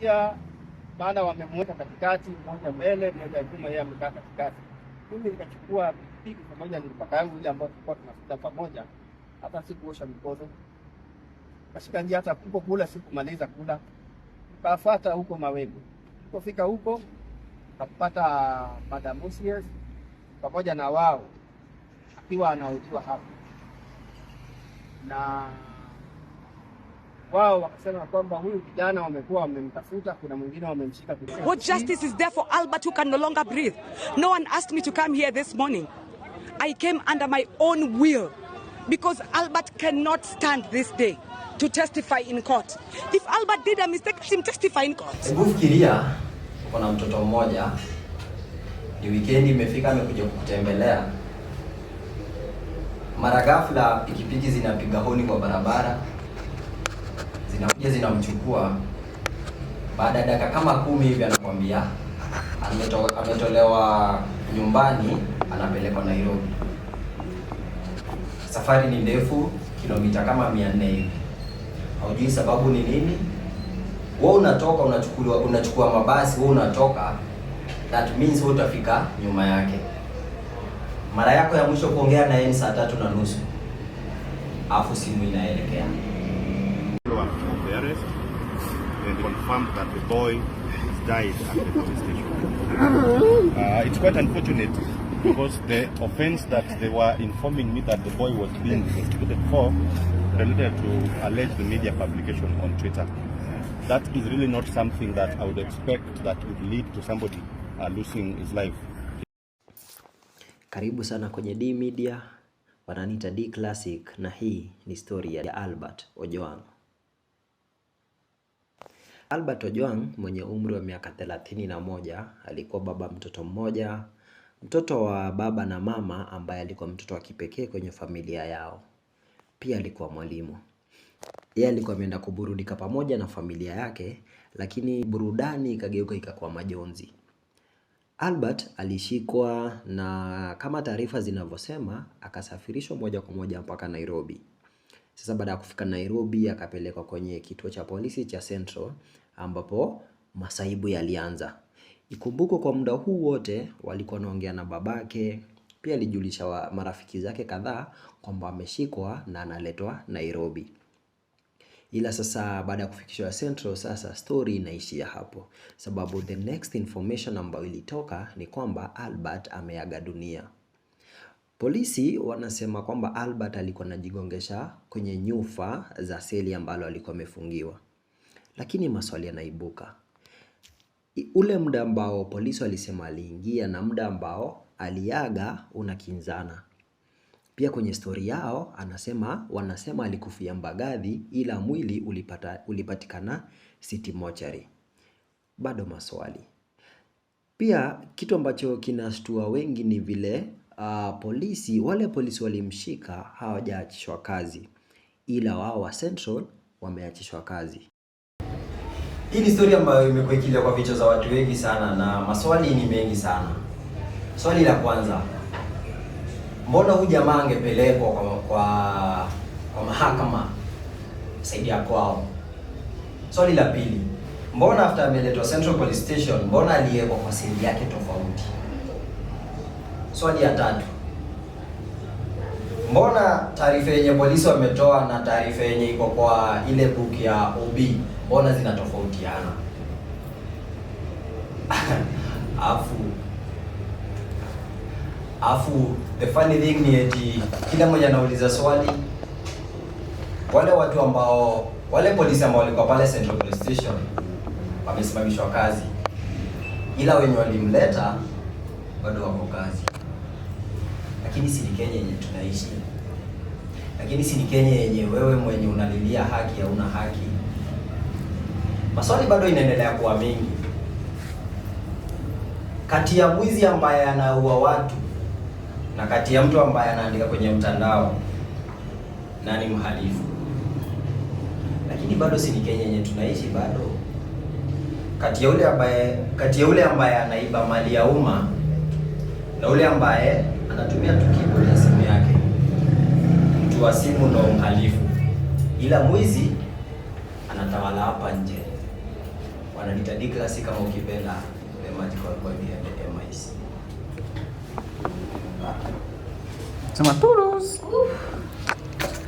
pia maana wamemweka katikati, mmoja mbele, mmoja nyuma, yeye amekaa katikati. Mimi nikachukua pikipiki pamoja na mpaka yangu ile ambayo tulikuwa tunapita pamoja, hata sikuosha mikono, kashika njia, hata kuko kula sikumaliza kula, kafuata huko Mawego, kufika huko kapata Madam Musius pamoja na wao akiwa anaojiwa hapo na wao wakasema kwamba huyu kijana wamekuwa wamemtafuta, kuna mwingine wamemshika. What justice is there for Albert who can no longer breathe? No one asked me to come here this morning. I came under my own will because Albert cannot stand this day to testify in court. If Albert did a mistake, let him testify in court. Hebu fikiria uko na mtoto mmoja, ni wikendi imefika, amekuja kukutembelea. Mara ghafla pikipiki zinapiga honi kwa barabara zinakuja zinamchukua, baada ya dakika kama kumi hivi anakwambia ameto, ametolewa nyumbani anapelekwa Nairobi. Safari ni ndefu, kilomita kama mia nne hivi, haujui sababu ni nini. Wewe unatoka unachukua unachukua mabasi, wewe unatoka, that means wewe utafika nyuma yake. Mara yako ya mwisho kuongea na yeye ni saa tatu na nusu, afu simu inaelekea arrest and confirmed that the boy has died at the police station. Uh, it's quite unfortunate because the offense that they were informing me that the boy was being investigated for related to alleged media publication on Twitter. That is really not something that I would expect that would lead to somebody uh, losing his life. Karibu sana kwenye D Media, wananiita D Classic na hii ni story ya Albert Ojwang. Albert Ojwang mwenye umri wa miaka thelathini na moja alikuwa baba mtoto mmoja, mtoto wa baba na mama ambaye alikuwa mtoto wa kipekee kwenye familia yao. Pia alikuwa mwalimu. Yeye alikuwa ameenda kuburudika pamoja na familia yake, lakini burudani ikageuka ikakuwa majonzi. Albert alishikwa na kama taarifa zinavyosema, akasafirishwa moja kwa moja mpaka Nairobi. Sasa baada ya kufika Nairobi, akapelekwa kwenye kituo cha polisi cha Central ambapo masaibu yalianza. Ikumbukwe kwa muda huu wote walikuwa wanaongea na babake, pia alijulisha marafiki zake kadhaa kwamba ameshikwa na analetwa Nairobi. Ila sasa baada ya kufikishwa Central, sasa story inaishia hapo, sababu the next information ambayo ilitoka ni kwamba Albert ameaga dunia. Polisi wanasema kwamba Albert alikuwa anajigongesha kwenye nyufa za seli ambalo alikuwa amefungiwa. Lakini maswali yanaibuka. Ule muda ambao polisi walisema aliingia na muda ambao aliaga unakinzana. Pia kwenye stori yao anasema wanasema alikufia Mbagathi ila mwili ulipata, ulipatikana City Mortuary. Bado maswali. Pia kitu ambacho kinashtua wengi ni vile uh, polisi wale polisi walimshika hawajaachishwa kazi, ila wao wa Central wameachishwa kazi. Hii ni story ambayo imekuwa ikilia kwa vichwa za watu wengi sana na maswali ni mengi sana. Swali la kwanza, mbona huyu jamaa angepelekwa kwa, kwa, kwa mahakama saidia kwao? Swali la pili, mbona after ameletwa Central Police Station, mbona aliyekwa kwa seli yake tofauti? Swali ya tatu, mbona taarifa yenye polisi wametoa na taarifa yenye iko kwa ile book ya OB mbona zinatofautiana? afu afu the funny thing ni eti kila mmoja anauliza swali. Wale watu ambao wale polisi ambao walikuwa pale Central Police Station wamesimamishwa kazi, ila wenye walimleta bado wako kazi lakini si ni Kenya yenye tunaishi, lakini si ni Kenya yenye wewe mwenye unalilia haki una haki. Maswali bado inaendelea kuwa mengi kati ya mwizi ambaye anaua watu na kati ya mtu ambaye anaandika kwenye mtandao, nani mhalifu? Lakini bado si ni Kenya yenye tunaishi bado. Kati ya ule ambaye kati ya ule ambaye anaiba mali ya umma na ule ambaye anatumia tu keyboard ya simu yake. Mtu wa simu ndo mhalifu, ila mwizi anatawala hapa nje. Wanalita D class kama ukipenda MIC. Sema turus.